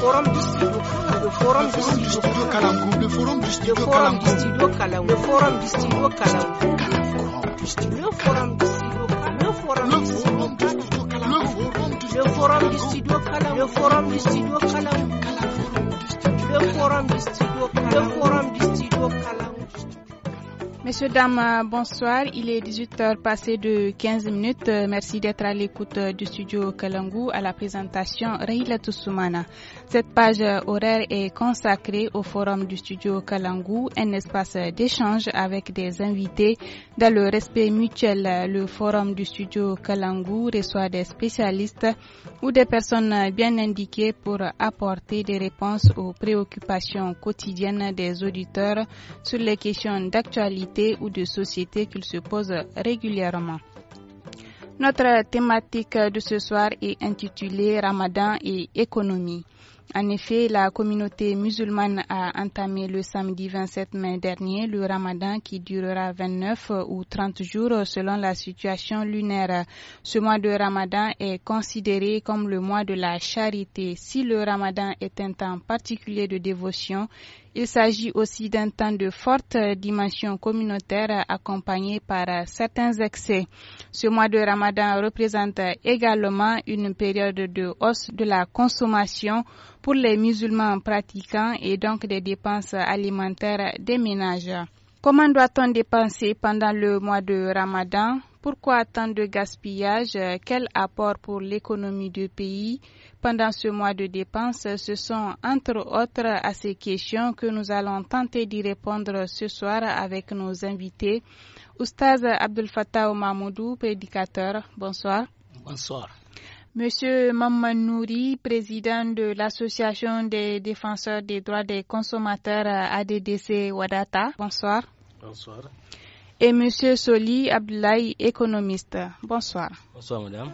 forum the forum, le forum du studio Kalamkou the forum du studio Kalamkou le forum du studio Kalamkou le forum du the Kalamkou le forum du studio Kalamkou le forum du studio Kalamkou le forum du studio Kalamkou le forum du studio Kalamkou le forum du studio Kalamkou Messieurs, dames, euh, bonsoir. Il est 18h passé de 15 minutes. Euh, merci d'être à l'écoute euh, du studio Kalangu à la présentation Raïla Toussoumana. Cette page horaire est consacrée au forum du studio Kalangu, un espace d'échange avec des invités. Dans le respect mutuel, le forum du studio Kalangu reçoit des spécialistes ou des personnes bien indiquées pour apporter des réponses aux préoccupations quotidiennes des auditeurs sur les questions d'actualité ou de société qu'il se pose régulièrement. Notre thématique de ce soir est intitulée Ramadan et économie. En effet, la communauté musulmane a entamé le samedi 27 mai dernier le ramadan qui durera 29 ou 30 jours selon la situation lunaire. Ce mois de ramadan est considéré comme le mois de la charité. Si le ramadan est un temps particulier de dévotion, il s'agit aussi d'un temps de forte dimension communautaire accompagné par certains excès. Ce mois de Ramadan représente également une période de hausse de la consommation pour les musulmans pratiquants et donc des dépenses alimentaires des ménages. Comment doit-on dépenser pendant le mois de Ramadan pourquoi tant de gaspillage Quel apport pour l'économie du pays Pendant ce mois de dépenses, ce sont entre autres à ces questions que nous allons tenter d'y répondre ce soir avec nos invités. Oustaz Abdel Fattah Mahmoudou, prédicateur, bonsoir. Bonsoir. Monsieur Mamman Nouri, président de l'Association des défenseurs des droits des consommateurs ADDC Wadata. Bonsoir. Bonsoir et M. Soli Abdoulaye, économiste. Bonsoir. Bonsoir, madame.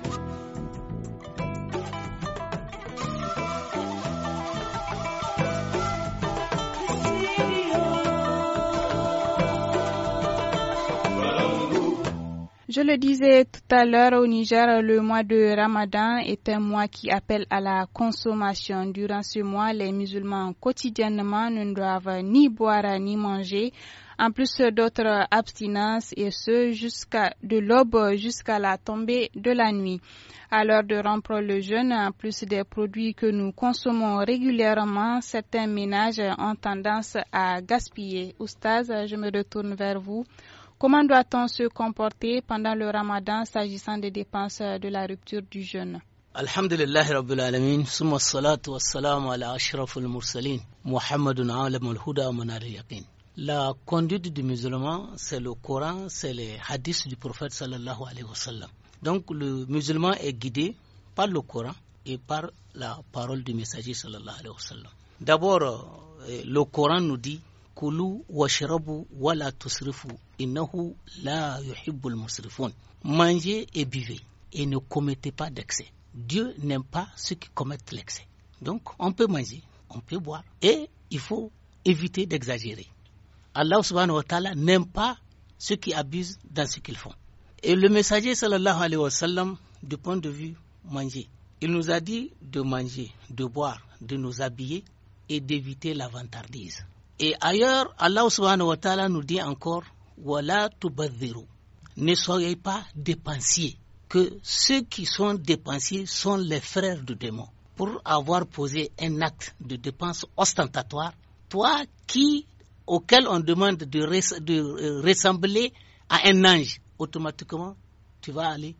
Je le disais tout à l'heure, au Niger, le mois de Ramadan est un mois qui appelle à la consommation. Durant ce mois, les musulmans quotidiennement ne doivent ni boire ni manger en plus d'autres abstinences et ce jusqu'à de l'aube jusqu'à la tombée de la nuit. À l'heure de rompre le jeûne, en plus des produits que nous consommons régulièrement, certains ménages ont tendance à gaspiller. Oustaz, je me retourne vers vous. Comment doit-on se comporter pendant le ramadan s'agissant des dépenses de la rupture du jeûne Alhamdulillah Rabbil wa ala mursalin, Muhammadun huda la conduite du musulman, c'est le Coran, c'est les hadiths du prophète sallallahu alayhi wa Donc le musulman est guidé par le Coran et par la parole du messager sallallahu alayhi wa sallam. D'abord, euh, le Coran nous dit Kulu la Mangez et buvez et ne commettez pas d'excès. Dieu n'aime pas ceux qui commettent l'excès. Donc on peut manger, on peut boire et il faut éviter d'exagérer. Allah subhanahu wa ta'ala n'aime pas ceux qui abusent dans ce qu'ils font. Et le messager sallallahu alayhi wa sallam, du point de vue manger, il nous a dit de manger, de boire, de nous habiller et d'éviter la vantardise. Et ailleurs, Allah subhanahu wa ta'ala nous dit encore Ne soyez pas dépensiers. Que ceux qui sont dépensiers sont les frères du démon. Pour avoir posé un acte de dépense ostentatoire, toi qui auquel on demande de, de, euh, ressembler à un ange, automatiquement, tu vas aller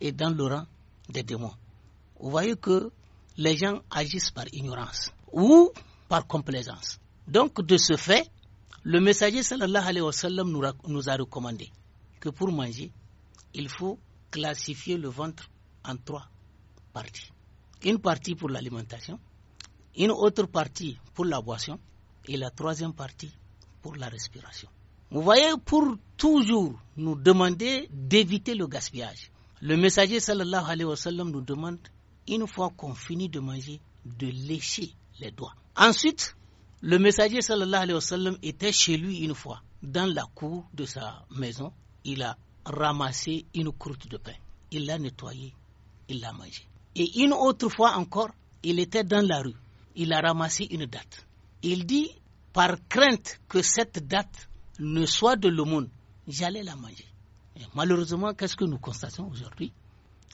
et dans le rang des démons. Vous voyez que les gens agissent par ignorance ou par complaisance. Donc, de ce fait, le messager sallallahu alayhi wa sallam nous, nous a recommandé que pour manger, il faut classifier le ventre en trois parties. Une partie pour l'alimentation, une autre partie pour la boisson et la troisième partie pour la respiration. Vous voyez, pour toujours nous demander d'éviter le gaspillage. Le messager sallallahu alayhi wa sallam nous demande, une fois qu'on finit de manger, de lécher les doigts. Ensuite, le messager sallallahu alayhi wa sallam était chez lui une fois, dans la cour de sa maison. Il a ramassé une croûte de pain. Il l'a nettoyée, il l'a mangée. Et une autre fois encore, il était dans la rue. Il a ramassé une date. Il dit, par crainte que cette date ne soit de l'aumône, j'allais la manger. Et malheureusement, qu'est-ce que nous constatons aujourd'hui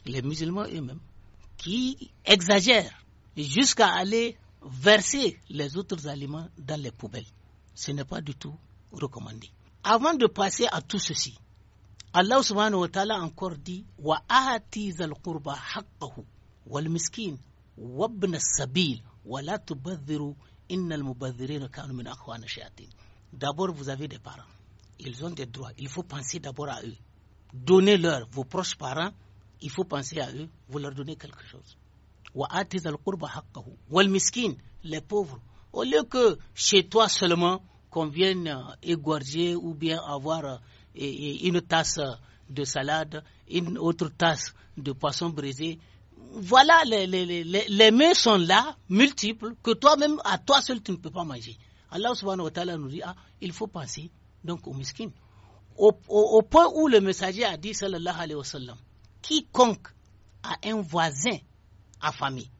Les musulmans eux-mêmes qui exagèrent jusqu'à aller verser les autres aliments dans les poubelles. Ce n'est pas du tout recommandé. Avant de passer à tout ceci, Allah subhanahu wa ta'ala encore dit Wa zal qurba haqqahu wal miskin wabna sabil wa la D'abord, vous avez des parents. Ils ont des droits. Il faut penser d'abord à eux. Donnez-leur, vos proches parents, il faut penser à eux. Vous leur donnez quelque chose. Wa les pauvres. Au lieu que chez toi seulement, qu'on vienne euh, égorger ou bien avoir euh, une tasse de salade, une autre tasse de poisson brisé, voilà, les, les, les, les mains sont là, multiples, que toi-même, à toi seul, tu ne peux pas manger. Allah subhanahu wa ta'ala nous dit, ah, il faut penser donc aux Au, au, au, point où le messager a dit, sallallahu alayhi wa sallam, quiconque a un voisin affamé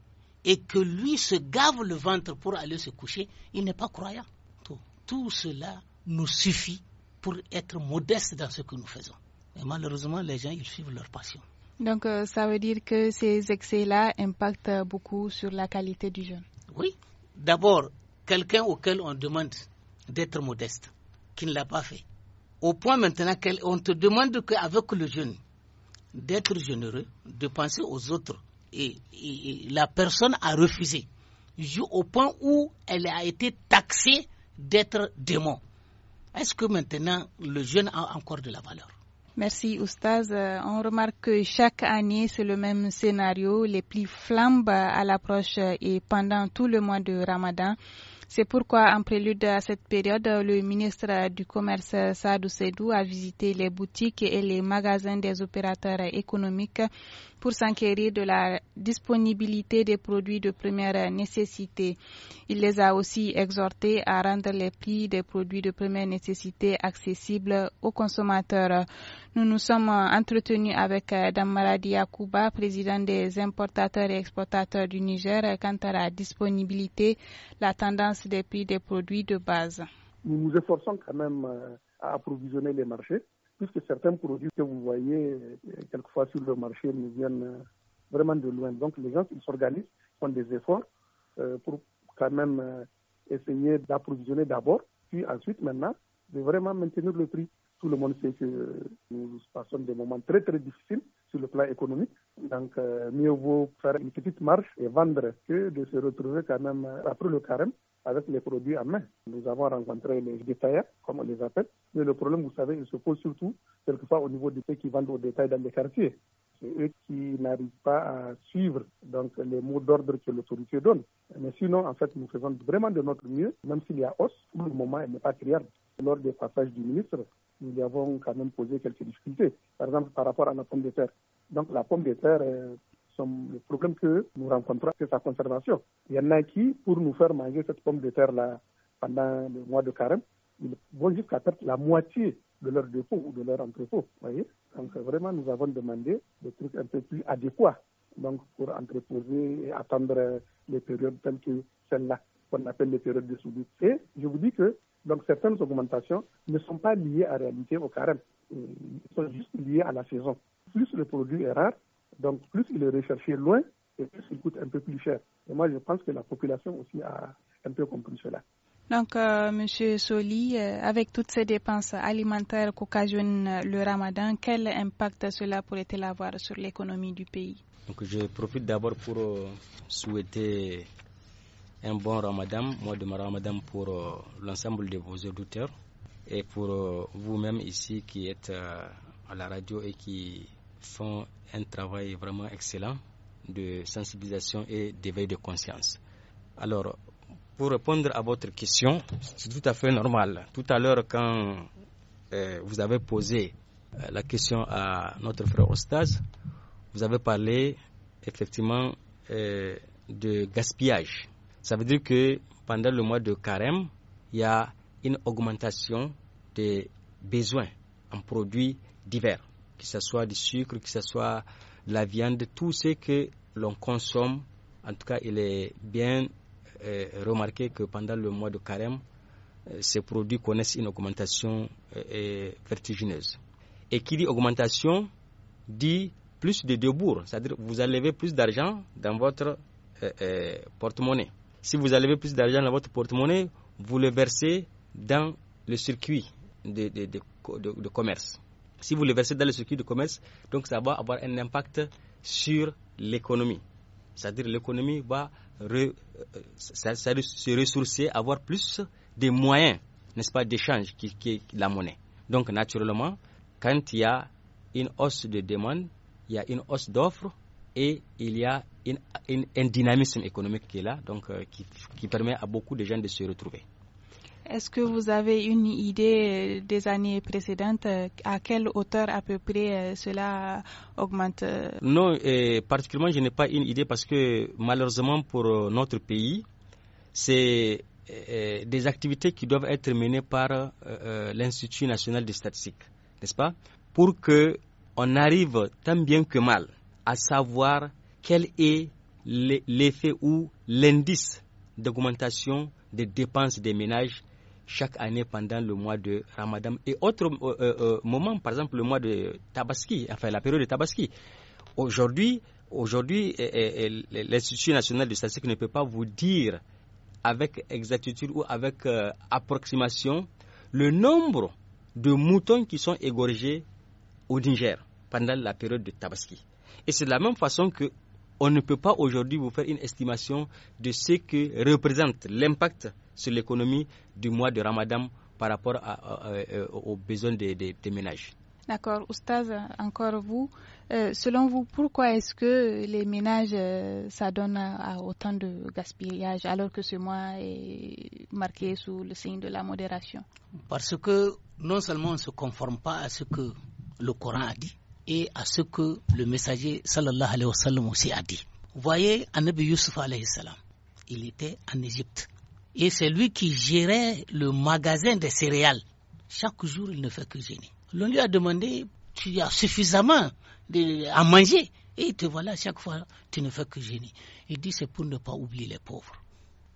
et que lui se gave le ventre pour aller se coucher, il n'est pas croyant. Tout, tout cela nous suffit pour être modeste dans ce que nous faisons. Et malheureusement, les gens, ils suivent leur passion. Donc, euh, ça veut dire que ces excès-là impactent beaucoup sur la qualité du jeune. Oui. D'abord, quelqu'un auquel on demande d'être modeste, qui ne l'a pas fait. Au point maintenant qu'on te demande qu'avec le jeune, d'être généreux, de penser aux autres. Et, et, la personne a refusé, au point où elle a été taxée d'être démon. Est-ce que maintenant le jeune a encore de la valeur Merci Oustaz. Euh, on remarque que chaque année, c'est le même scénario. Les plis flambent à l'approche et pendant tout le mois de Ramadan. C'est pourquoi, en prélude à cette période, le ministre du Commerce Sadou Sedou a visité les boutiques et les magasins des opérateurs économiques pour s'enquérir de la disponibilité des produits de première nécessité. Il les a aussi exhortés à rendre les prix des produits de première nécessité accessibles aux consommateurs. Nous nous sommes entretenus avec euh, Damara Diakouba, président des importateurs et exportateurs du Niger, quant à la disponibilité, la tendance des prix des produits de base. Nous nous efforçons quand même euh, à approvisionner les marchés puisque certains produits que vous voyez euh, quelquefois sur le marché nous viennent euh, vraiment de loin. Donc les gens, ils s'organisent, font des efforts euh, pour quand même essayer d'approvisionner d'abord, puis ensuite maintenant de vraiment maintenir le prix. Tout le monde sait que nous passons des moments très très difficiles sur le plan économique. Donc mieux vaut faire une petite marche et vendre que de se retrouver quand même après le carême avec les produits en main. Nous avons rencontré les détaillants, comme on les appelle, mais le problème, vous savez, il se pose surtout quelquefois au niveau des pays qui vendent au détail dans les quartiers. C'est eux qui n'arrivent pas à suivre donc, les mots d'ordre que l'autorité donne. Mais sinon, en fait, nous faisons vraiment de notre mieux, même s'il y a hausse, pour le moment, elle n'est pas criarde. Lors des passages du ministre, nous lui avons quand même posé quelques difficultés, par exemple par rapport à la pomme de terre. Donc la pomme de terre, euh, le problème que nous rencontrons, c'est sa conservation. Il y en a qui, pour nous faire manger cette pomme de terre-là pendant le mois de carême, ils vont jusqu'à perdre la moitié de leur dépôt ou de leur entrepôt. Voyez Donc vraiment, nous avons demandé des trucs un peu plus adéquats donc pour entreposer et attendre les périodes telles que celle-là, qu'on appelle les périodes de soudure. Et je vous dis que donc certaines augmentations ne sont pas liées à la réalité au carême, elles sont juste liées à la saison. Plus le produit est rare, donc plus il est recherché loin, et plus il coûte un peu plus cher. Et moi, je pense que la population aussi a un peu compris cela. Donc, euh, Monsieur Soli, euh, avec toutes ces dépenses alimentaires qu'occasionne euh, le ramadan, quel impact cela pourrait-il avoir sur l'économie du pays Donc, je profite d'abord pour euh, souhaiter un bon ramadan, Moi de ramadan pour l'ensemble de vos auditeurs et pour vous-même ici qui êtes à la radio et qui font un travail vraiment excellent de sensibilisation et d'éveil de conscience. Alors, pour répondre à votre question, c'est tout à fait normal. Tout à l'heure, quand euh, vous avez posé euh, la question à notre frère Ostaz, vous avez parlé effectivement euh, de gaspillage. Ça veut dire que pendant le mois de carême, il y a une augmentation des besoins en produits divers que ce soit du sucre, que ce soit de la viande, tout ce que l'on consomme, en tout cas, il est bien euh, remarqué que pendant le mois de carême, euh, ces produits connaissent une augmentation euh, vertigineuse. Et qui dit augmentation dit plus de débours, c'est-à-dire vous enlevez plus d'argent dans votre porte-monnaie. Si vous enlevez plus d'argent dans votre porte-monnaie, vous le versez dans le circuit de commerce. Si vous le versez dans le circuit de commerce, donc ça va avoir un impact sur l'économie. C'est-à-dire l'économie va euh, se ressourcer, avoir plus de moyens, n'est-ce pas, d'échange qui, la monnaie. Donc naturellement, quand il y a une hausse de demande, il y a une hausse d'offres et il y a un dynamisme économique qui est là, donc euh, qui permet à beaucoup de gens de se retrouver. Est-ce que vous avez une idée euh, des années précédentes euh, À quelle hauteur à peu près euh, cela augmente Non, particulièrement, je n'ai pas une idée parce que malheureusement pour notre pays, c'est des activités qui doivent être menées par l'Institut national des statistiques, n'est-ce pas Pour que arrive tant bien que mal à savoir quel est l'effet ou l'indice d'augmentation des dépenses des ménages chaque année pendant le mois de Ramadan et autres euh, euh, euh, moments, par exemple le mois de Tabaski, enfin la période de Tabaski. Aujourd'hui, aujourd'hui, eh, eh, eh, l'Institut national de statistique ne peut pas vous dire avec exactitude ou avec approximation le nombre de moutons qui sont égorgés au Niger pendant la période de Tabaski. Et c'est de la même façon que on ne peut pas aujourd'hui vous faire une estimation de ce que représente l'impact sur l'économie du mois de Ramadan par rapport à, euh, euh, aux besoins des, ménages. D'accord. Oustaz, encore vous. Euh, selon vous, pourquoi est-ce que les ménages, s'adonnent ça donne à, autant de gaspillage alors que ce mois est marqué sous le signe de la modération Parce que non seulement on ne se conforme pas à ce que le Coran a dit et à ce que le messager sallallahu alayhi wa sallam aussi a dit. Vous voyez, Anabi Yusuf alayhi salam, il était en Égypte et c'est lui qui gérait le magasin des céréales. Chaque jour, il ne fait que gêner. L'on lui a demandé, tu as suffisamment à manger. Et te voilà, chaque fois, tu ne fais que gêner. Il dit, c'est pour ne pas oublier les pauvres.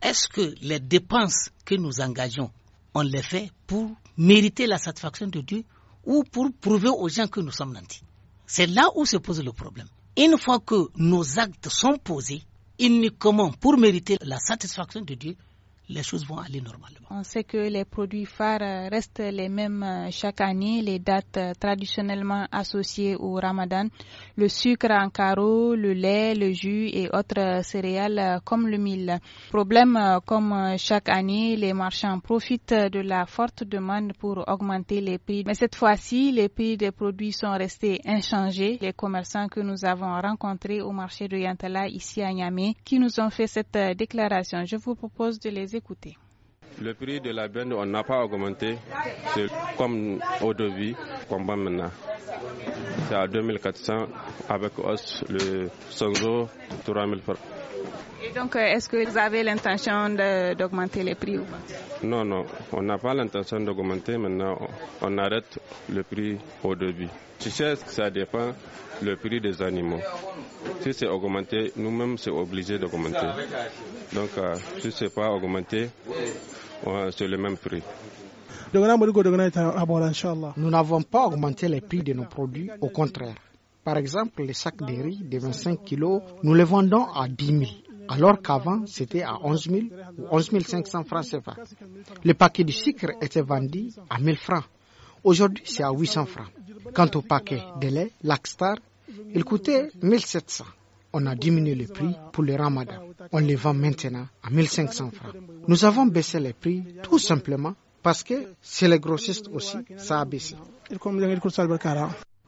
Est-ce que les dépenses que nous engageons, on les fait pour mériter la satisfaction de Dieu ou pour prouver aux gens que nous sommes nantis C'est là où se pose le problème. Une fois que nos actes sont posés, il commande pour mériter la satisfaction de Dieu, les choses vont aller normalement. On sait que les produits phares restent les mêmes euh, chaque année, les dates euh, traditionnellement associées au ramadan, le sucre en carreau, le lait, le jus et autres euh, céréales comme le mil. Problème comme chaque année, les marchands profitent de la forte demande pour augmenter les prix. Mais cette fois-ci, les prix des produits sont restés inchangés. Les commerçants que nous avons rencontrés au marché de Yantala ici à Niamey qui nous ont fait cette déclaration. Je vous propose de les écouter le prix de la bende on n'a pas augmenté. C'est comme au devis qu'on vend maintenant. C'est à 2400 avec os le sonzo, 3000 francs donc, euh, est-ce que vous avez l'intention d'augmenter les prix ou pas Non, non, on n'a pas l'intention d'augmenter. Maintenant, on, arrête le prix au début. Tu sais, que ça dépend le prix des animaux. Si c'est augmenté, nous-mêmes, c'est obligé d'augmenter. Donc, euh, si ce n'est pas augmenté, c'est le même prix. Nous n'avons pas augmenté les prix de nos produits, au contraire. Par exemple, les sacs de riz de 25 kg, nous les vendons à 10 000 alors qu'avant c'était à 11 000 ou 11 500 francs CFA. Le paquet du sucre était vendu à 1 000 francs. Aujourd'hui, c'est à 800 francs. Quant au paquet de lait, l'Axtar, il coûtait 1 700. On a diminué le prix pour le ramadan. On les vend maintenant à 1 500 francs. Nous avons baissé les prix tout simplement parce que c'est les grossistes aussi, ça a baissé.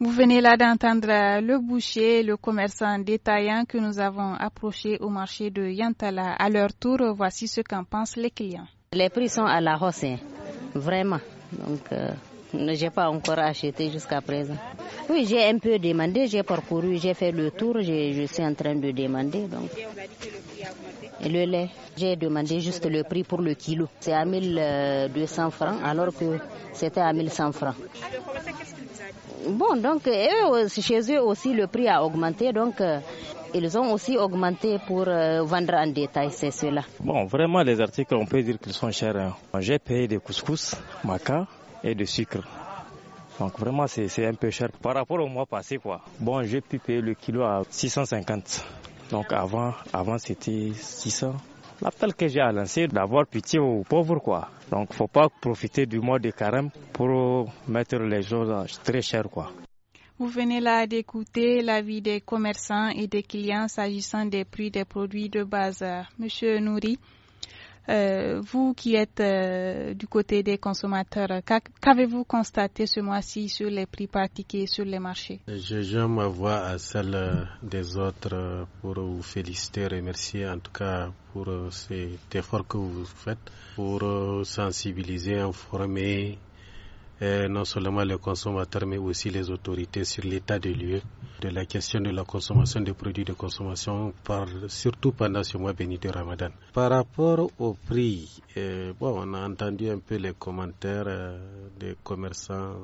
Vous venez là d'entendre le boucher, le commerçant détaillant que nous avons approché au marché de Yantala. À leur tour, voici ce qu'en pensent les clients. Les prix sont à la hausse, hein. vraiment. Donc, je euh, n'ai pas encore acheté jusqu'à présent. Oui, j'ai un peu demandé, j'ai parcouru, j'ai fait le tour, je suis en train de demander. Donc. Et le lait, j'ai demandé juste le prix pour le kilo. C'est à 1200 euh, francs alors que c'était à 1100 francs. Bon, donc, chez eux aussi, le prix a augmenté. Donc, euh, ils ont aussi augmenté pour euh, vendre en détail, c'est cela. Bon, vraiment, les articles, on peut dire qu'ils sont chers. Hein. J'ai payé des couscous, maca et de sucre. Donc, vraiment, c'est un peu cher par rapport au mois passé, quoi. Bon, j'ai pu payer le kilo à 650. Donc, avant, avant c'était 600. L'appel que j'ai à lancer, d'avoir pitié aux pauvres, quoi. Donc, faut pas profiter du mois de carême pour mettre les choses très chères, quoi. Vous venez là d'écouter l'avis des commerçants et des clients s'agissant des prix des produits de base. Monsieur Nouri, euh, vous qui êtes euh, du côté des consommateurs, qu'avez-vous constaté ce mois-ci sur les prix pratiqués sur les marchés Je joins ma voix à celle euh, des autres pour vous féliciter, remercier en tout cas pour cet effort que vous faites pour sensibiliser, informer et non seulement les consommateurs mais aussi les autorités sur l'état de lieux de la question de la consommation des produits de consommation, par, surtout pendant ce mois béni de Ramadan. Par rapport au prix, eh, bon, on a entendu un peu les commentaires eh, des commerçants,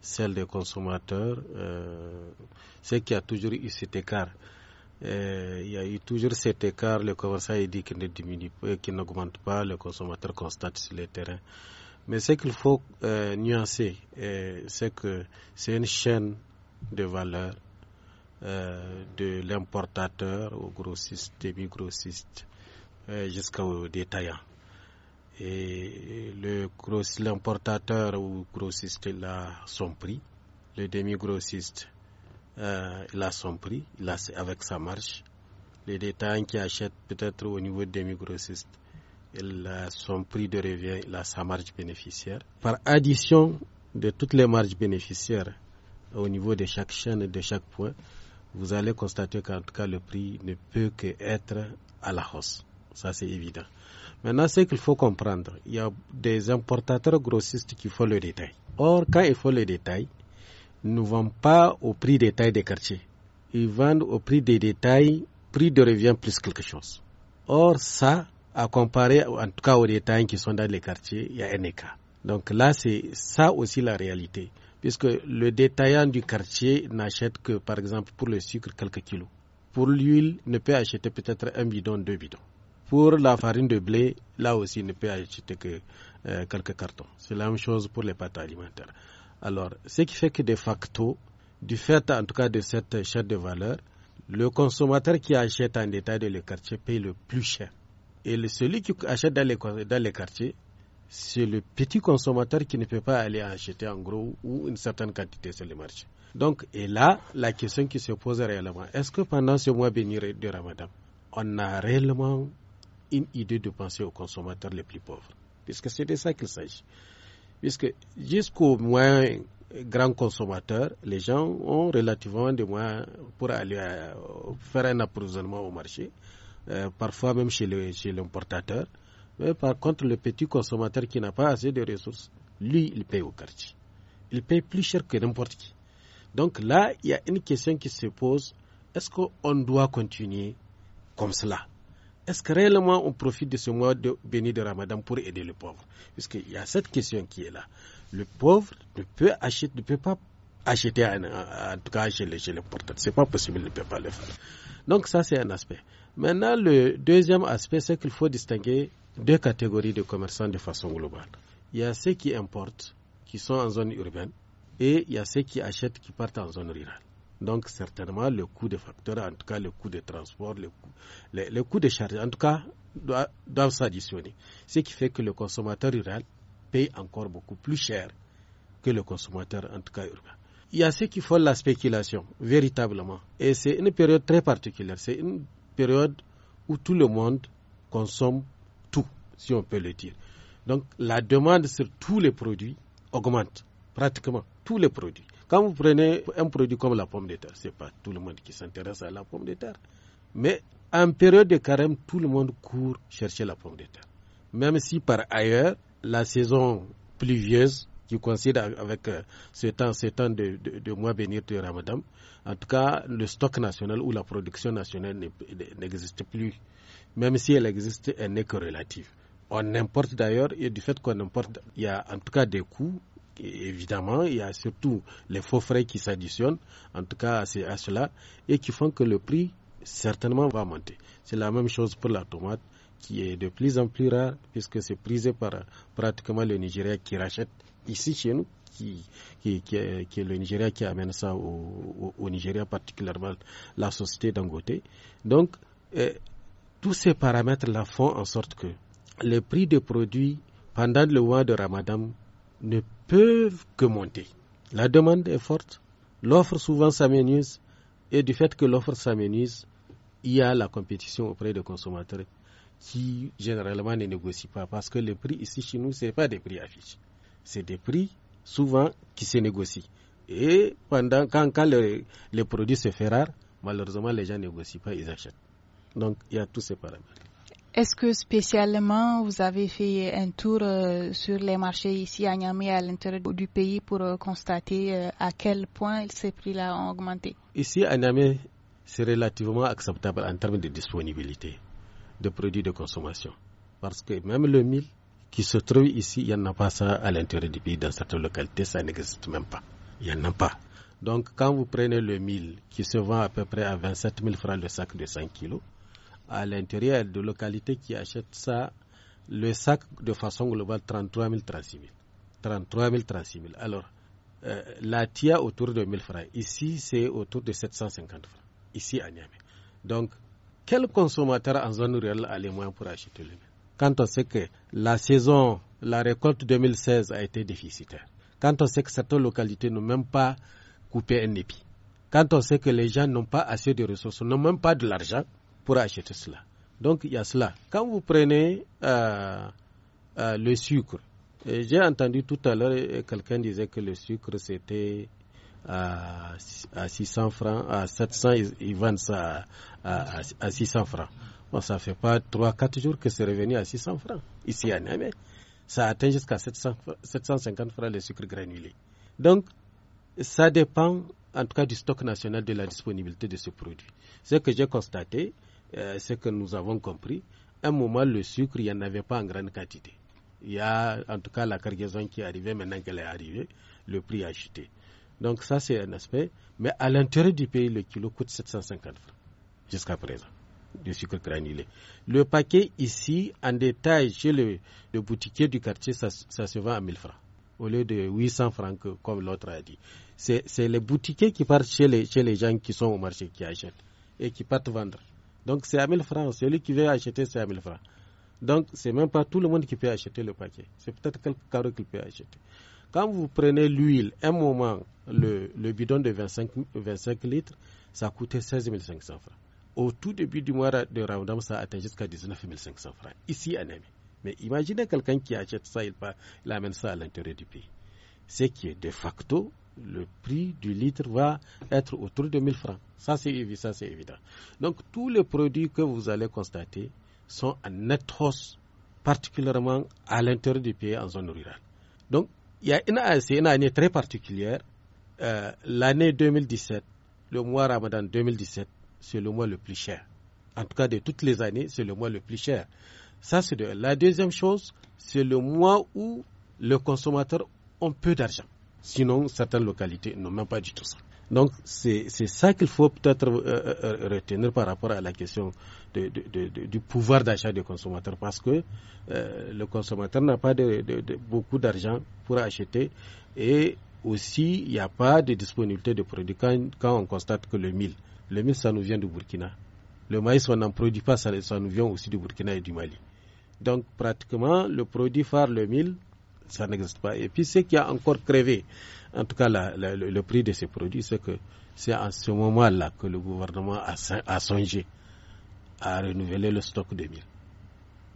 celles des consommateurs, eh, c'est qu'il y a toujours eu cet écart. il y a eu toujours cet écart, le commerçant dit qu'il ne diminue qu'il n'augmente pas, le consommateur constate sur le terrain. Mais ce qu'il faut euh, nuancer, euh, c'est que c'est une chaîne de valeur euh, de l'importateur au grossiste, demi grossiste, jusqu'au détaillant. Et le l'importateur ou grossiste, il a son prix. Le demi-grossiste, il a son prix, avec sa marche. Les détaillants qui achètent peut-être au niveau demi-grossiste, la, euh, son prix de revient, sa marge bénéficiaire. Par addition de toutes les marges bénéficiaires au niveau de chaque chaîne et de chaque point, vous allez constater qu'en tout cas le prix ne peut qu'être à la hausse. Ça c'est évident. Maintenant, ce qu'il faut comprendre, il y a des importateurs grossistes qui font le détail. Or, quand ils font le détail, ils ne vendent pas au prix détail des quartiers. Ils vendent au prix des détails, prix de revient plus quelque chose. Or, ça, à comparer, en tout cas aux détails qui sont dans les quartiers, il y a un écart. Donc là, c'est ça aussi la réalité, puisque le détaillant du quartier n'achète que, par exemple, pour le sucre, quelques kilos. Pour l'huile, ne peut acheter peut-être un bidon, deux bidons. Pour la farine de blé, là aussi, ne peut acheter que euh, quelques cartons. C'est la même chose pour les pâtes alimentaires. Alors, ce qui fait que de facto, du fait en tout cas de cette chaîne de valeur, le consommateur qui achète en détail dans le quartier paye le plus cher. Et celui qui achète dans les, quartiers, c'est le petit consommateur qui ne peut pas aller acheter en gros ou une certaine quantité sur le marché. Donc, et là, la question qui se pose réellement, est-ce que pendant ce mois béni de Ramadan, on a réellement une idée de penser aux consommateurs les plus pauvres Puisque c'est de ça qu'il s'agit. Puisque jusqu'au moins grands consommateurs, les gens ont relativement des moins pour aller faire un approvisionnement au marché. Euh, parfois même chez l'importateur. Chez Mais par contre, le petit consommateur qui n'a pas assez de ressources, lui, il paye au quartier. Il paye plus cher que n'importe qui. Donc là, il y a une question qui se pose. Est-ce qu'on doit continuer comme cela Est-ce que réellement on profite de ce mois de béni de Ramadan pour aider le pauvre Puisqu'il y a cette question qui est là. Le pauvre ne peut, acheter, ne peut pas acheter, en, tout cas chez l'importateur... Ce n'est pas possible, il ne peut pas le faire. Donc ça, c'est un aspect. Maintenant, le deuxième aspect, c'est qu'il faut distinguer deux catégories de commerçants de façon globale. Il y a ceux qui importent, qui sont en zone urbaine, et il y a ceux qui achètent, qui partent en zone rurale. Donc, certainement, le coût des facteurs, en tout cas, le coût des transports, le coût, le, des charges, en tout cas, doivent, s'additionner. Ce qui fait que le consommateur rural paye encore beaucoup plus cher que le consommateur, en tout cas, urbain. Il y a ceux qui font la spéculation, véritablement. Et c'est une période très particulière. C'est une période où tout le monde consomme tout, si on peut le dire. Donc la demande sur tous les produits augmente, pratiquement tous les produits. Quand vous prenez un produit comme la pomme de terre, ce n'est pas tout le monde qui s'intéresse à la pomme de terre. Mais en période de carême, tout le monde court chercher la pomme de terre. Même si par ailleurs, la saison pluvieuse qui coïncide avec euh, ce temps, ce temps de, de, mois venir de Ramadan. En tout cas, le stock national ou la production nationale n'existe plus. Même si elle existe, elle n'est que relative. On importe d'ailleurs, et du fait qu'on importe, il y a en tout cas des coûts évidemment, il y a surtout les faux frais qui s'additionnent, en tout cas à cela, et qui font que le prix certainement va monter. C'est la même chose pour la tomate qui est de plus en plus rare puisque c'est prisé par euh, pratiquement le Nigeria qui rachète ici chez nous, qui, est, le Nigeria qui amène ça au, Nigeria, particulièrement la société d'Angoté. Donc, euh, tous ces paramètres-là font en sorte que les prix des produits pendant le mois de Ramadan ne peuvent que monter. La demande est forte, l'offre souvent s'amenuise, et du fait que l'offre s'amenuise, il y a la compétition auprès des consommateurs qui généralement ne négocient pas parce que les prix ici chez nous, ce n'est pas des prix affichés c'est des prix souvent qui se négocient. Et pendant, quand, quand le, les produits se font rares, malheureusement, les gens ne négocient pas, ils achètent. Donc, il y a tous ces paramètres. Est-ce que spécialement vous avez fait un tour euh, sur les marchés ici à Niamey, à l'intérieur du pays, pour euh, constater euh, à quel point ces prix-là ont augmenté Ici à Niamey, c'est relativement acceptable en termes de disponibilité de produits de consommation. Parce que même le mille, qui se trouve ici, il n'y en a pas ça à l'intérieur du pays. Dans certaines localités, ça n'existe même pas. Il n'y en a pas. Donc, quand vous prenez le mil qui se vend à peu près à 27 000 francs le sac de 5 kilos, à l'intérieur de localités qui achètent ça, le sac de façon globale 33 000, 36 000. 33 000, 36 000. Alors, euh, la TIA autour de 1000 francs. Ici, c'est autour de 750 francs. Ici, à Niamey. Donc, quel consommateur en zone rurale a les moyens pour acheter le mil quand on sait que la saison, la récolte 2016 a été déficitaire, quand on sait que certaines localités n'ont même pas coupé un épi, quand on sait que les gens n'ont pas assez de ressources, n'ont même pas de l'argent pour acheter cela. Donc il y a cela. Quand vous prenez euh, euh, le sucre, j'ai entendu tout à l'heure quelqu'un disait que le sucre c'était à, 600 francs, à 700, ils, vendent ça à, 600 francs. Bon, ça fait pas 3-4 jours que c'est revenu à 600 francs ici à Niamey. Ça atteint jusqu'à 750 francs le sucre granulé. Donc, ça dépend en tout cas du stock national de la disponibilité de ce produit. Ce que j'ai constaté, euh, ce que nous avons compris, à un moment, le sucre, il n'y en avait pas en grande quantité. Il y a en tout cas la cargaison qui est arrivée, maintenant qu'elle est arrivée, le prix a chuté. Donc ça, c'est un aspect. Mais à l'intérieur du pays, le kilo coûte 750 francs jusqu'à présent du sucre granulé. Le paquet ici, en détail, chez le, boutiquier du quartier, ça, se vend à 1000 francs au lieu de 800 francs, euh, comme l'autre a dit. C'est les boutiquiers qui partent chez les, gens qui sont au marché, qui achètent et qui partent vendre. Donc c'est à 1000 francs. Celui qui veut acheter, c'est à 1000 francs. Donc c'est même pas tout le monde qui peut acheter le paquet. C'est peut-être quelques carreaux qui peut acheter. Quand vous prenez l'huile, un moment, le, le, bidon de 25, 25 litres, ça coûtait 16 500 francs. Au tout début du mois de Ramadan, ça atteint jusqu'à 19 500 francs, ici à Mais imaginez quelqu'un qui achète ça, il, il amène ça à l'intérieur du pays. Ce qui est de facto, le prix du litre va être autour de 1000 francs. Ça, c'est évident, évident. Donc, tous les produits que vous allez constater sont en net hausse, particulièrement à l'intérieur du pays en zone rurale. Donc, il y a une, une année très particulière. Euh, l'année 2017, le mois Ramadan 2017, c'est le mois le plus cher. En tout cas, de toutes les années, c'est le mois le plus cher. Ça, c'est La deuxième chose, c'est le mois où les consommateurs ont peu d'argent. Sinon, certaines localités n'ont même pas du tout ça. Donc c'est ça qu'il faut peut-être euh, euh, euh, retenir par rapport à la question du pouvoir d'achat des consommateurs parce que le consommateur n'a pas de, beaucoup d'argent pour acheter et aussi il n'y a pas de disponibilité de produits quand, on constate que le mil, le mil ça nous vient du Burkina. Le maïs, on n'en produit pas, ça, ça nous vient aussi du Burkina et du Mali. Donc pratiquement, le produit phare, le mil, ça n'existe pas. Et puis ce qui a encore crevé, en tout cas, le, prix de ces produits, c'est que c'est à ce moment-là que le gouvernement a, songé à renouveler le stock de mil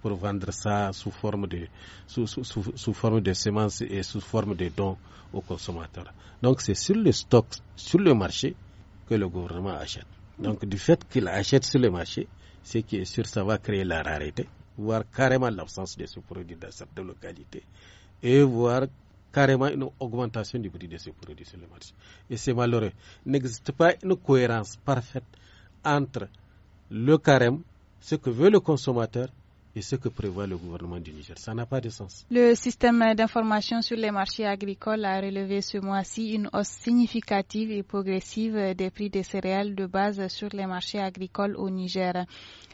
pour vendre ça sous forme de, sous, sous, sous, forme de semences et sous forme de dons aux consommateurs. Donc c'est sur le stock, sur le marché, que le gouvernement achète. Donc du fait qu'il achète sur le marché, ce qui est sûr, ça va créer la rareté, voire carrément l'absence de ce produit dans certaines localités, et voire carrément une augmentation du prix de ces produits sur le marché. Et c'est malheureux. Il n'existe pas une cohérence parfaite entre le carême, ce que veut le consommateur, et ce que prévoit le gouvernement du Niger. Ça n'a pas de sens. Le système d'information sur les marchés agricoles a relevé ce mois-ci une hausse significative et progressive des prix des céréales de base sur les marchés agricoles au Niger.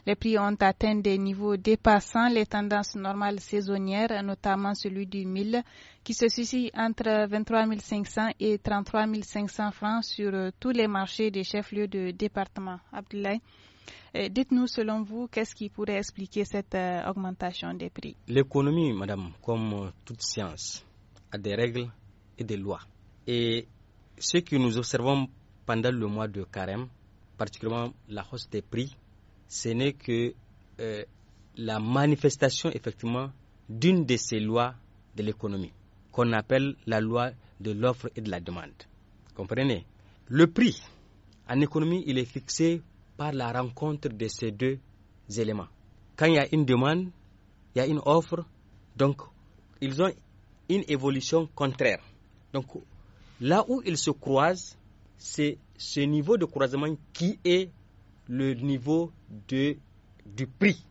Les prix ont atteint des niveaux dépassant les tendances normales saisonnières, notamment celui du mille, qui se situe entre 23 500 et 33 500 francs sur tous les marchés des chefs-lieux de département. Abdoulaye. Euh, dites-nous, selon vous, qu'est-ce qui pourrait expliquer cette euh, augmentation des prix L'économie, madame, comme euh, toute science, a des règles et des lois. Et ce que nous observons pendant le mois de carême, particulièrement la hausse des prix, ce n'est que la manifestation effectivement d'une de ces lois de l'économie, qu'on appelle la loi de l'offre et de la demande. Comprenez Le prix en économie, il est fixé par la rencontre de ces deux éléments. Quand il y a une demande, il y a une offre, donc ils ont une évolution contraire. Donc là où ils se croisent, c'est ce niveau de croisement qui est le niveau de, du prix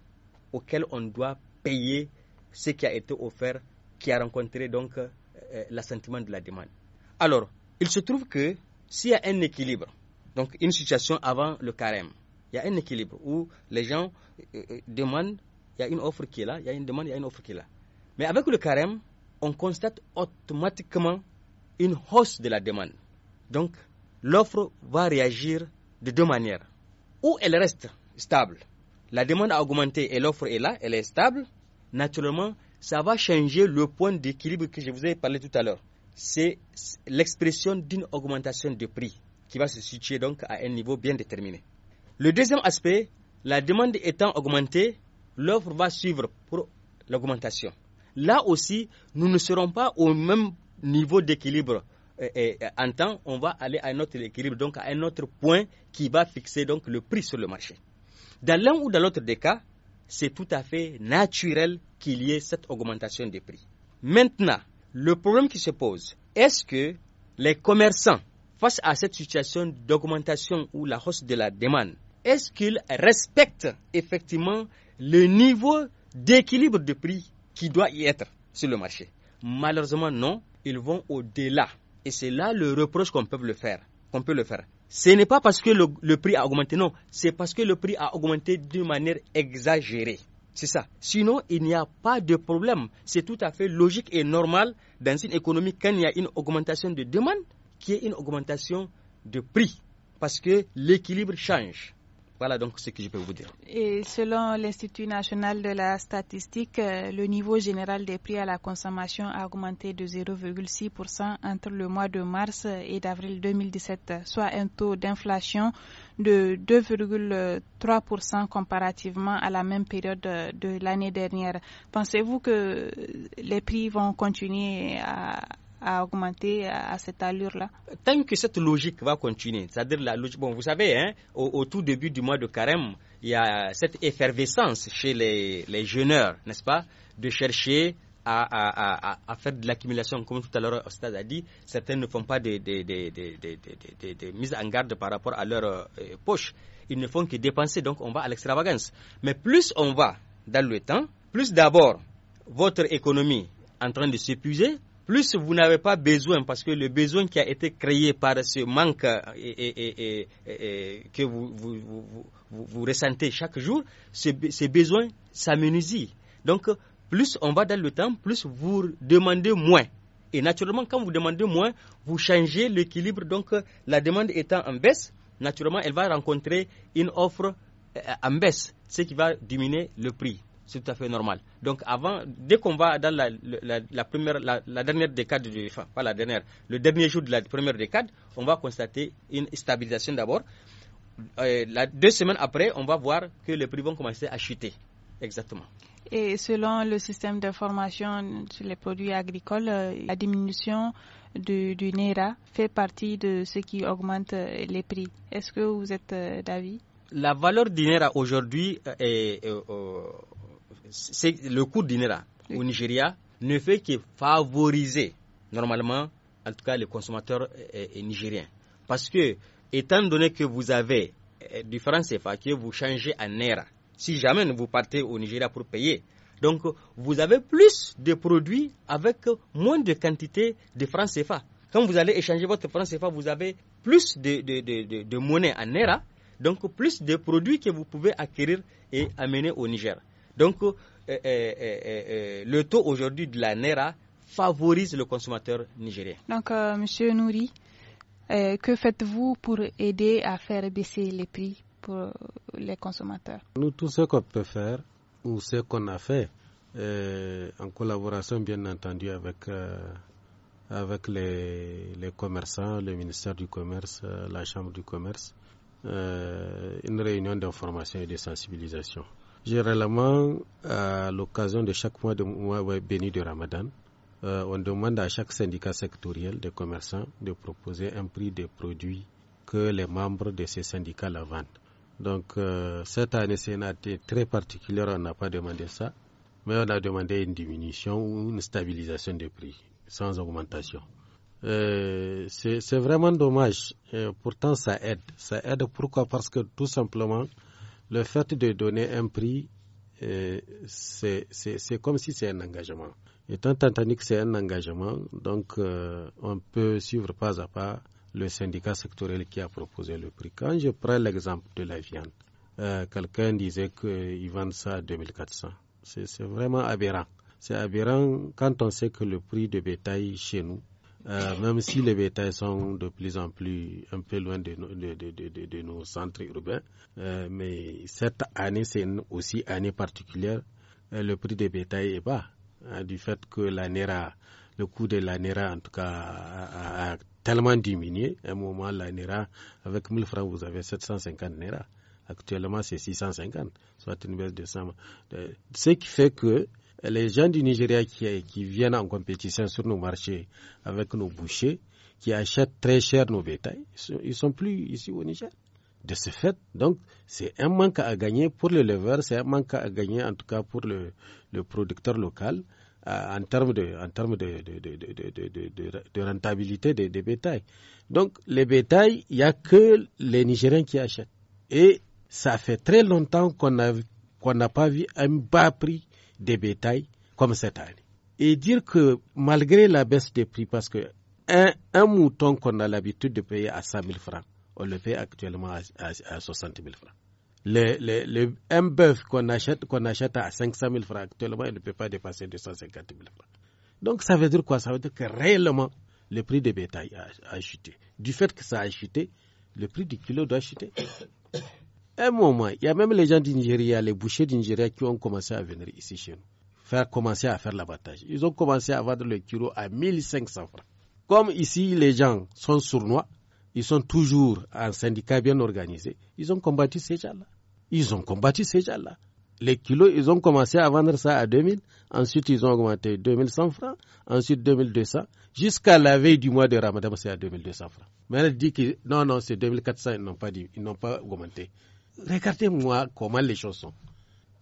auquel on doit payer ce qui a été offert, qui a rencontré donc euh, euh, l'assentiment de la demande. Alors, il se trouve que s'il y a un équilibre, donc une situation avant le carême. Il y a un équilibre où les gens euh, euh, demandent, il y a une offre qui est là, il y a une demande, il y a une offre qui est là. Mais avec le carême, on constate automatiquement une hausse de la demande. Donc l'offre va réagir de deux manières. Ou elle reste stable, la demande a augmenté et l'offre est là, elle est stable, naturellement, ça va changer le point d'équilibre que je vous ai parlé tout à l'heure. C'est l'expression d'une augmentation de prix qui va se situer donc à un niveau bien déterminé. Le deuxième aspect, la demande étant augmentée, l'offre va suivre pour l'augmentation. Là aussi, nous ne serons pas au même niveau d'équilibre en temps, on va aller à un autre équilibre, donc à un autre point qui va fixer donc le prix sur le marché. Dans l'un ou dans l'autre des cas, c'est tout à fait naturel qu'il y ait cette augmentation des prix. Maintenant, le problème qui se pose, est-ce que les commerçants face à cette situation d'augmentation ou la hausse de la demande, est-ce qu'ils respectent effectivement le niveau d'équilibre de prix qui doit y être sur le marché Malheureusement, non, ils vont au-delà. Et c'est là le reproche qu'on peut le faire. Qu'on peut le faire. Ce n'est pas parce que le, le, prix a augmenté, non, c'est parce que le prix a augmenté d'une manière exagérée. C'est ça. Sinon, il n'y a pas de problème. C'est tout à fait logique et normal dans une économie quand il y a une augmentation de demande, qu'il y ait une augmentation de prix parce que l'équilibre change. Voilà donc ce que je peux vous dire. Et selon l'Institut national de la statistique, euh, le niveau général des prix à la consommation a augmenté de 0,6% entre le mois de mars et d'avril 2017, soit un taux d'inflation de 2,3% comparativement à la même période euh, de l'année dernière. Pensez-vous que les prix vont continuer à à augmenter à, cette allure-là. Tant que cette logique va continuer, c'est-à-dire la logique, bon, vous savez, hein, au, tout début du mois de carême, il y a cette effervescence chez les, les jeûneurs, n'est-ce pas, de chercher à, à, faire de l'accumulation, comme tout à l'heure Ostad a dit, certains ne font pas de, de, mise en garde par rapport à leur euh, poche. Ils ne font que dépenser, donc on va à l'extravagance. Mais plus on va dans le temps, plus d'abord votre économie en train de s'épuiser, plus vous n'avez pas besoin, parce que le besoin qui a été créé par ce manque que vous, ressentez chaque jour, ce, besoin besoins Donc, plus on va dans le temps, plus vous demandez moins. Et naturellement, quand vous demandez moins, vous changez l'équilibre. Donc, la demande étant en baisse, naturellement, elle va rencontrer une offre euh, en baisse, ce qui va diminuer le prix c'est tout à fait normal. Donc avant, dès qu'on va dans la, première, la, dernière décade, du, enfin pas la dernière, le dernier jour de la première décade, on va constater une stabilisation d'abord. Euh, deux semaines après, on va voir que les prix vont commencer à chuter. Exactement. Et selon le système d'information sur les produits agricoles, euh, la diminution du, du NERA fait partie de ce qui augmente euh, les prix. Est-ce que vous êtes d'avis La valeur du NERA aujourd'hui est, le coût du au Nigeria ne fait que favoriser normalement, en tout cas, les consommateurs eh, eh, nigériens. Parce que, étant donné que vous avez eh, du franc CFA que vous changez en Naira, si jamais vous partez au Nigeria pour payer, donc vous avez plus de produits avec moins de quantité de franc CFA. Quand vous allez échanger votre franc CFA, vous avez plus de, monnaie en Naira, donc plus de produits que vous pouvez acquérir et amener au Niger. Donc, euh, euh, euh, le taux aujourd'hui de la NERA favorise le consommateur nigérien. Donc, Monsieur Nouri, que faites-vous pour aider à faire baisser les prix pour les consommateurs Nous, tout ce qu'on peut faire, ou ce qu'on a fait, en collaboration bien entendu avec les, commerçants, le ministère du Commerce, la Chambre du Commerce, une réunion d'information et de sensibilisation. Généralement, à euh, l'occasion de chaque mois, de mois béni de Ramadan, euh, on demande à chaque syndicat sectoriel de commerçants de proposer un prix des produits que les membres de ces syndicats la vendent. Donc euh, cette année, c'est une année très particulière, on n'a pas demandé ça, mais on a demandé une diminution ou une stabilisation des prix, sans augmentation. c'est vraiment dommage, pourtant ça aide. Ça aide pourquoi Parce que tout simplement, le fait de donner un prix, euh, c'est comme si c'est un engagement. Étant tant que c'est un engagement, donc euh, on peut suivre pas à pas le syndicat sectoriel qui a proposé le prix. Quand je prends l'exemple de la viande, euh, quelqu'un disait qu'il vend ça à 2400. C'est vraiment aberrant. C'est aberrant quand on sait que le prix de bétail chez nous euh, même si les bétails sont de plus en plus un peu loin de, nos, centres urbains. Euh, mais cette année, c'est aussi année particulière. Euh, le prix des bétails est bas hein, du fait que la le coût de la NERA en tout cas a, tellement diminué. À un moment, la NERA, avec 1000 francs, vous avez 750 NERA. Actuellement, c'est 650, soit une baisse de 100. Ce qui fait que les gens du Nigeria qui, qui viennent en compétition sur nos marchés avec nos bouchers, qui achètent très cher nos bétails, ils sont plus ici au Niger. De ce fait, donc, c'est un manque à gagner pour le leveurs c'est un manque à gagner en tout cas pour le, producteur local euh, en termes de, en termes de, de, rentabilité des, bétails. Donc, les bétails, il n'y a que les Nigériens qui achètent. Et ça fait très longtemps qu'on qu'on n'a pas vu un bas prix des bétails comme cette année. Et dire que malgré la baisse des prix, parce que un, un mouton qu'on a l'habitude de payer à 100 000 francs, on le paye actuellement à, 60 000 francs. Le, un bœuf qu'on achète, qu'on achète à 500 000 francs actuellement, il ne peut pas dépasser 250 000 francs. Donc ça veut dire quoi Ça veut dire que réellement, le prix des bétails a, a chuté. Du fait que ça a chuté, le prix du kilo doit chuter un moment, il y a même les gens du Nigeria, les bouchers du qui ont commencé à venir ici chez nous, faire commencer à faire l'abattage. Ils ont commencé à vendre le kilo à 1500 francs. Comme ici, les gens sont sournois, ils sont toujours en syndicat bien organisé, ils ont combattu ces gens-là. Ils ont combattu ces gens-là. Les kilos, ils ont commencé à vendre ça à 2000, ensuite ils ont augmenté 2100 francs, ensuite 2200, jusqu'à la veille du mois de Ramadan, c'est à 2200 francs. Mais elle dit que non, non, c'est 2400, ils n'ont pas, ils n'ont pas augmenté regardez-moi comment les choses sont.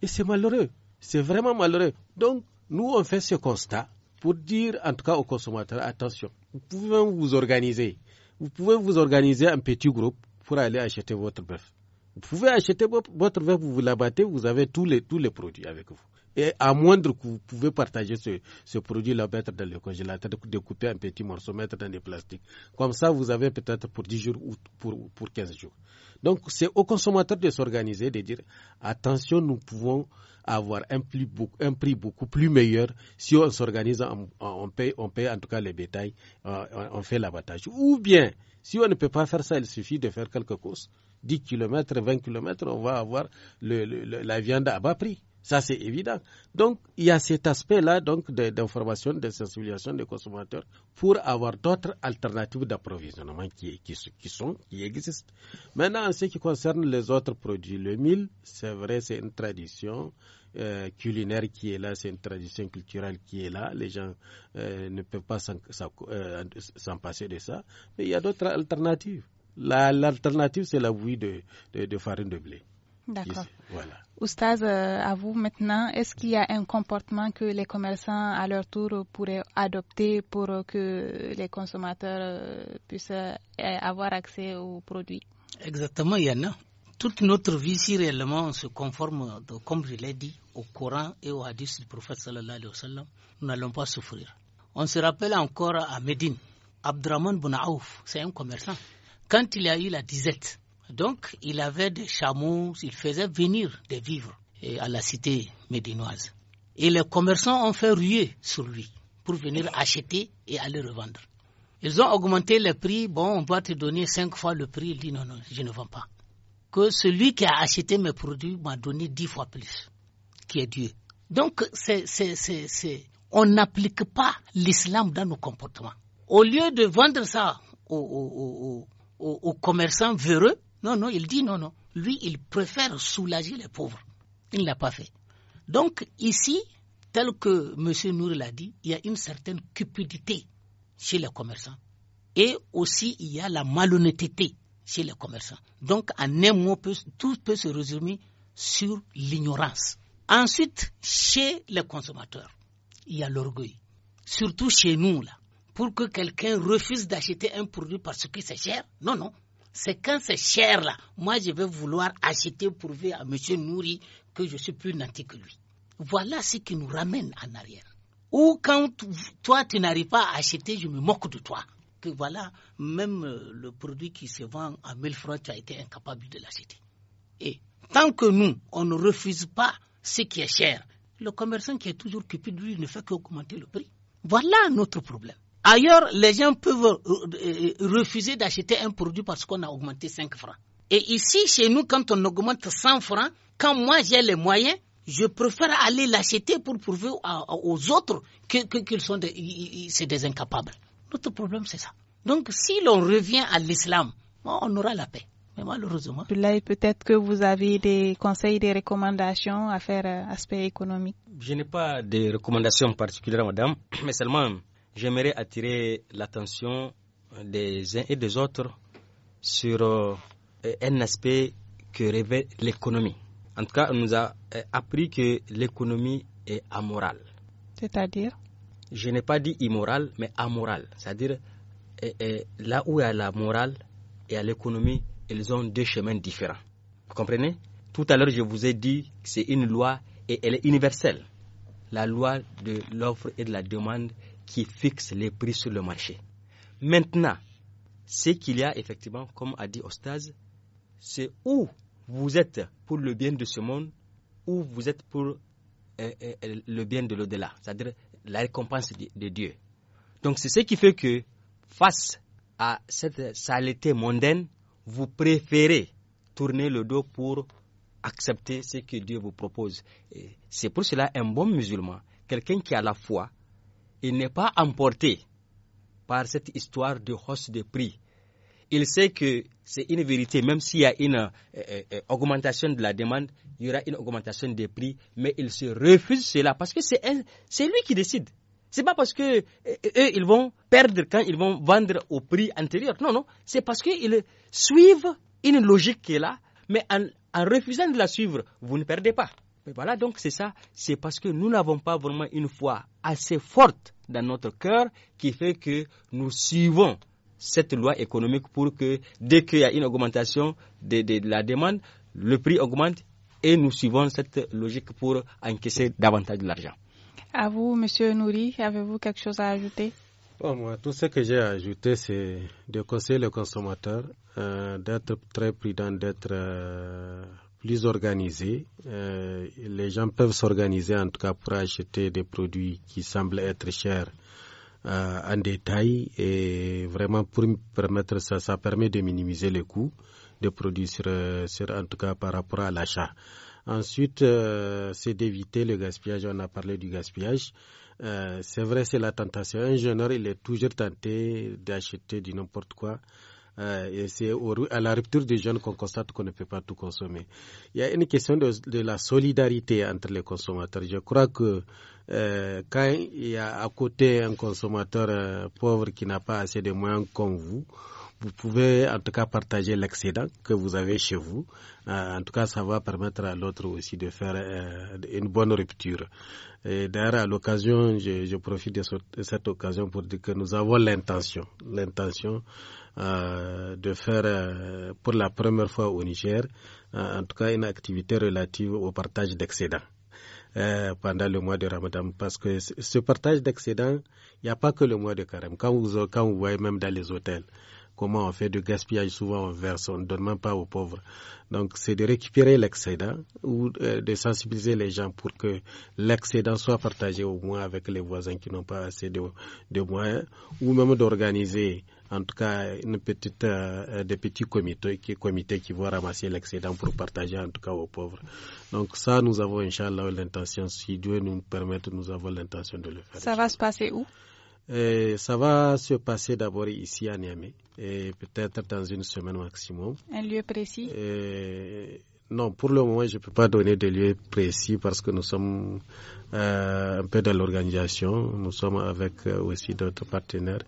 Et c'est malheureux. C'est vraiment malheureux. Donc, nous, on fait ce constat pour dire, en tout cas, aux consommateurs, attention, vous pouvez vous organiser. Vous pouvez vous organiser un petit groupe pour aller acheter votre bœuf. Vous pouvez acheter votre bœuf, vous, vous l'abattez, vous avez tous les, tous les produits avec vous et à moindre que vous pouvez partager ce, produit-là, mettre dans le congélateur, découper un petit morceau, mettre dans des plastiques. Comme ça, vous avez peut-être pour 10 jours ou pour, pour 15 jours. Donc, c'est au consommateur de s'organiser, de dire attention, nous pouvons avoir un prix beaucoup, plus meilleur si on s'organise, on, on, paye, en tout cas les bétails, euh, on, fait l'abattage. Ou bien, si on ne peut pas faire ça, il suffit de faire quelques courses. 10 km, 20 km, on va avoir la viande à bas prix. Ça, c'est évident. Donc, il y a cet aspect-là donc d'information, de, sensibilisation des consommateurs pour avoir d'autres alternatives d'approvisionnement qui, existent. Maintenant, en ce qui concerne les autres produits, le mille, c'est vrai, c'est une tradition euh, culinaire qui est là, c'est une tradition culturelle qui est là. Les gens euh, ne peuvent pas euh, s'en passer de ça. Mais il y a d'autres alternatives. L'alternative, c'est la bouillie de farine de blé. D'accord. Oustaz, euh, à vous maintenant, est-ce qu'il y a un comportement que les commerçants, à leur tour, pourraient adopter pour que les consommateurs euh, puissent euh, avoir accès aux produits Exactement, a. Toute notre vie, si réellement on se conforme, comme je l'ai dit, au Coran et au hadith du prophète nous n'allons pas souffrir. On se rappelle encore à Médine, Abdraman Bounaouf, c'est un commerçant. Quand il a eu la disette, donc, il avait des chameaux, il faisait venir des vivres à la cité médinoise. Et les commerçants ont fait ruer sur lui pour venir acheter et aller revendre. Ils ont augmenté le prix. Bon, on va te donner cinq fois le prix. Il dit non, non, je ne vends pas. Que celui qui a acheté mes produits m'a donné dix fois plus, qui est Dieu. Donc, c'est, on n'applique pas l'islam dans nos comportements. Au lieu de vendre ça aux, aux commerçants véreux, non, non, il dit non, non. Lui, il préfère soulager les pauvres. Il ne l'a pas fait. Donc, ici, tel que M. Nour l'a dit, il y a une certaine cupidité chez les commerçants. Et aussi, il y a la malhonnêteté chez les commerçants. Donc, en un mot, tout peut se résumer sur l'ignorance. Ensuite, chez les consommateurs, il y a l'orgueil. Surtout chez nous, là. Pour que quelqu'un refuse d'acheter un produit parce que c'est cher, non, non, c'est quand c'est cher là, moi je vais vouloir acheter pour à M. Nouri que je suis plus nanti que lui. Voilà ce qui nous ramène en arrière. Ou quand toi tu n'arrives pas à acheter, je me moque de toi. Que voilà, même euh, le produit qui se vend à 1000 francs, tu as été incapable de l'acheter. Et tant que nous, on ne refuse pas ce qui est cher, le commerçant qui est toujours occupé de lui, ne fait qu'augmenter le prix. Voilà notre problème. Ailleurs, les gens peuvent euh, euh, refuser d'acheter un produit parce qu'on a augmenté 5 francs. Et ici, chez nous, quand on augmente 100 francs, quand moi j'ai les moyens, je préfère aller l'acheter pour prouver aux autres qu'ils sont des, incapables. Notre problème, c'est ça. Donc, si l'on revient à l'islam, on aura la paix. Mais malheureusement. Là, peut-être que vous avez des conseils, des recommandations à faire euh, aspect économique. Je n'ai pas de recommandations particulières, madame, mais seulement j'aimerais attirer l'attention des uns et des autres sur euh, un aspect que révèle l'économie. En tout cas, on nous a euh, appris que l'économie est amorale. C'est-à-dire Je n'ai pas dit immorale, mais amorale. C'est-à-dire, euh, là où il y a la morale et à l'économie, ils ont deux chemins différents. Vous comprenez Tout à l'heure, je vous ai dit que c'est une loi et elle est universelle. La loi de l'offre et de la demande qui fixe les prix sur le marché. Maintenant, ce qu'il y a effectivement, comme a dit Ostaz, c'est où vous êtes pour le bien de ce monde, où vous êtes pour euh, euh, euh, le bien de l'au-delà, c'est-à-dire la récompense de, de Dieu. Donc c'est ce qui fait que face à cette saleté mondaine, vous préférez tourner le dos pour accepter ce que Dieu vous propose. C'est pour cela un bon musulman, quelqu'un qui a la foi, il n'est pas emporté par cette histoire de hausse de prix. Il sait que c'est une vérité, même s'il y a une euh, euh, augmentation de la demande, il y aura une augmentation des prix, mais il se refuse cela parce que c'est lui qui décide. C'est pas parce que euh, eux, ils vont perdre quand ils vont vendre au prix antérieur. Non, non. C'est parce qu'ils suivent une logique qui est là, mais en refusant de la suivre, vous ne perdez pas voilà, donc c'est ça. C'est parce que nous n'avons pas vraiment une foi assez forte dans notre cœur qui fait que nous suivons cette loi économique pour que dès qu'il y a une augmentation de, la demande, le prix augmente et nous suivons cette logique pour encaisser davantage de l'argent. À vous, Monsieur Nouri, avez-vous quelque chose à ajouter Pour moi, tout ce que j'ai à ajouter, c'est de conseiller le consommateur euh, d'être très prudent, d'être euh, plus organisé. Euh, les gens peuvent s'organiser en tout cas pour acheter des produits qui semblent être chers euh, en détail et vraiment pour permettre ça, ça permet de minimiser les coûts des produits euh, en tout cas par rapport à l'achat. Ensuite, c'est d'éviter le gaspillage. On a parlé du gaspillage. c'est vrai, c'est la tentation. Un jeune homme, il est toujours tenté d'acheter du n'importe quoi. Euh, et c'est à la rupture des jeunes qu'on constate qu'on ne peut pas tout consommer. Il y a une question de, de la solidarité entre les consommateurs. Je crois que euh, quand il y a à côté un consommateur euh, pauvre qui n'a pas assez de moyens comme vous, vous pouvez en tout cas partager l'excédent que vous avez chez vous. Euh, en tout cas, ça va permettre à l'autre aussi de faire une bonne rupture. D'ailleurs, à l'occasion, je, profite de, de, cette occasion pour dire que nous avons l'intention, l'intention euh, de faire euh, pour la première fois au Niger, euh, en tout cas une activité relative au partage d'excédents pendant le mois de Ramadan. Parce que ce partage d'excédents, il n'y a pas que le mois de carême. Quand vous, quand vous voyez même dans les hôtels, comment on fait du gaspillage, souvent on verse, on ne donne même pas aux pauvres. Donc c'est de récupérer l'excédent ou de sensibiliser les gens pour que l'excédent soit partagé au moins avec les voisins qui n'ont pas assez de, de moyens ou même d'organiser en tout cas une petite, euh, des petits comités qui, qui vont ramasser l'excédent pour partager en tout cas aux pauvres. Donc ça, nous avons, Inch'Allah, l'intention, si Dieu nous permet, nous avons l'intention de le faire. Ça va se passer où euh, ça va se passer d'abord ici à Niamey, et peut-être dans une semaine maximum. Un lieu précis euh, non, pour le moment, je ne peux pas donner de lieu précis parce que nous sommes euh, un peu dans l'organisation. Nous sommes avec euh, aussi d'autres partenaires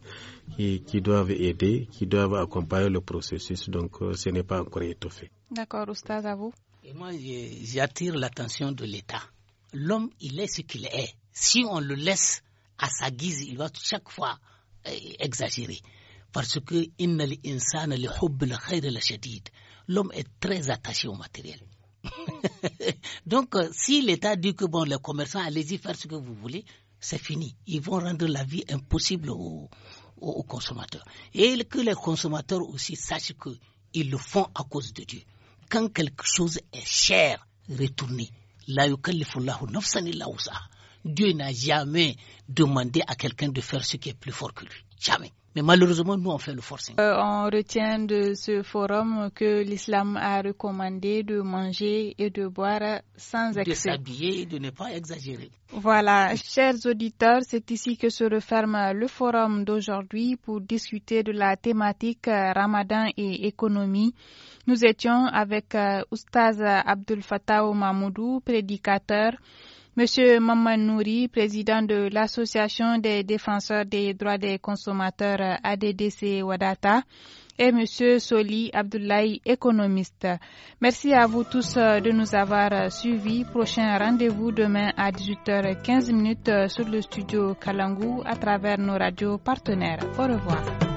qui, doivent aider, qui doivent accompagner le processus. Donc, euh, ce n'est pas encore étoffé. D'accord, Oustaz, à vous. Et moi, j'attire l'attention de l'État. L'homme, il est ce qu'il est. Si on le laisse à sa guise, il va chaque fois exagérer. Parce que, li l'homme est très attaché au matériel. Donc, euh, si l'État dit que bon, les commerçants, allez-y faire ce que vous voulez, c'est fini. Ils vont rendre la vie impossible aux, aux consommateurs. Et que les consommateurs aussi sachent qu'ils le font à cause de Dieu. Quand quelque chose est cher, retournez. Dieu n'a jamais demandé à quelqu'un de faire ce qui est plus fort que lui. Jamais. Mais malheureusement, nous, on fait le forcing. Euh, on retient de ce forum que l'islam a recommandé de manger et de boire sans excès. De s'habiller et de ne pas exagérer. Voilà, chers auditeurs, c'est ici que se referme le forum d'aujourd'hui pour discuter de la thématique Ramadan et économie. Nous étions avec euh, Oustaz Abdel Fattah Mamoudou, prédicateur. Monsieur Maman Nouri, président de l'Association des défenseurs des droits des consommateurs ADDC Wadata, et Monsieur Soli Abdoulaye, économiste. Merci à vous tous euh, de nous avoir euh, suivis. Prochain rendez-vous demain à 18h15 euh, sur le studio Kalangu à travers nos radios partenaires. Au revoir.